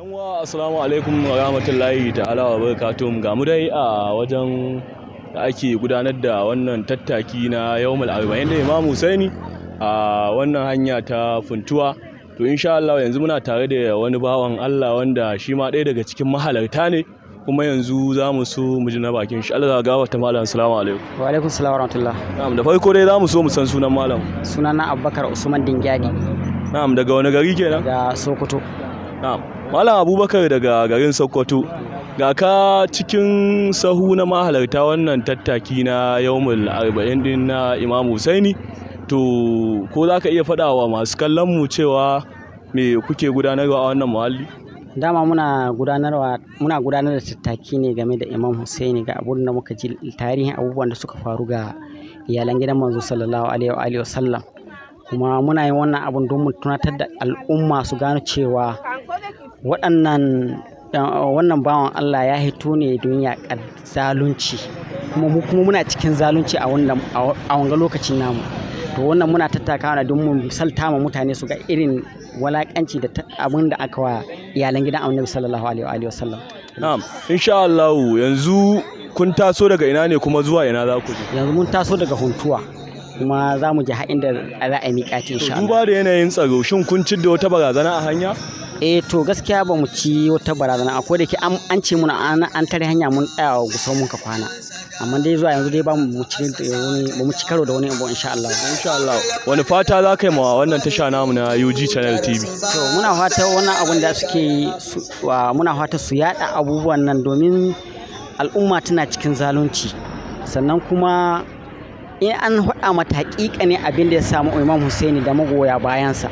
yanwa assalamu alaikum wa rahmatullahi ta'ala wa barakatuhum ga mu dai a wajen da ake gudanar da wannan tattaki na yawmul arba'in da imam husaini a wannan hanya ta funtuwa to insha Allah yanzu muna tare da wani bawan Allah wanda shi ma ɗaya daga cikin mahalarta ne kuma yanzu za mu so mu ji na bakin shi Allah ga wata malam assalamu alaikum wa alaikum assalam wa rahmatullah na'am da farko dai za mu so mu san sunan malam sunana Abubakar Usman Dingyadi na'am daga wani gari kenan daga Sokoto malam abubakar daga garin sokoto ga ka cikin sahu na mahalarta wannan tattaki na yawmul arba'in din na imam husaini to ko za ka iya faɗa wa masu kallon mu cewa me kuke gudanarwa a wannan muhalli dama muna gudanarwa muna gudanar da tattaki ne game da imam husaini ga abun da muka ji tarihin abubuwan da suka faru ga iyalan gidan manzo sallallahu alaihi wa alihi wasallam kuma muna yin wannan abun don mu tunatar da al'umma su gano cewa waɗannan wannan bawan Allah ya hito ne don yaƙar zalunci kuma kuma muna cikin zalunci a wannan a wanga lokacin namu to wannan muna tattakawa don mu salta ma mutane su ga irin walakanci da abin da aka wa iyalan gidan Annabi sallallahu alaihi wa sallam na'am insha Allah yanzu kun taso daga ina ne kuma zuwa ina za ku je yanzu mun taso daga huntuwa kuma za mu ji haɗin da za a miƙa ta insha Allah. Duba da yanayin tsaro shin kun ci da wata barazana a hanya? Eh to gaskiya ba mu ci wata barazana akwai da ke an ce muna an tare hanya mun tsaya gusau mun ka kwana. amma dai zuwa yanzu dai ba mu ci ba mu ci karo da wani abu insha Allah insha Allah wani fata za ka yi ma wannan tasha namu na UG Channel TV to muna fata wannan abun da suke muna fata su yada abubuwan nan domin al'umma tana cikin zalunci sannan kuma in an haɗa mata haƙiƙa ne abin da ya samu imam husaini da magoya bayansa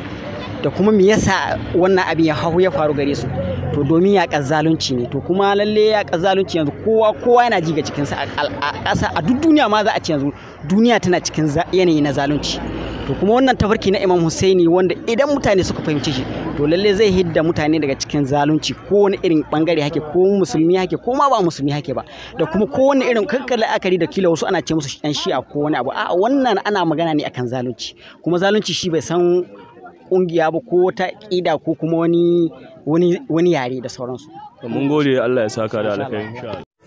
da kuma me yasa wannan abin ya hahu ya faru gare su to domin ya zalunci ne to kuma lalle ya zalunci yanzu kowa kowa yana ji ga cikinsa a ƙasa a duk duniya ma za a ce yanzu duniya tana cikin yanayi na zalunci to kuma wannan tafarki na imam husaini wanda idan mutane suka fahimci shi to lalle zai hidda mutane daga cikin zalunci ko wani irin bangare hake ko musulmi hake ko ma ba musulmi hake ba da kuma ko wani irin kankan la'akari da kila wasu ana ce musu yan shi'a ko wani abu a'a wannan ana magana ne akan zalunci kuma zalunci shi bai san kungiya ba ko ta ƙida ko kuma wani wani yare da sauransu. Mun gode Allah ya saka da alkhairi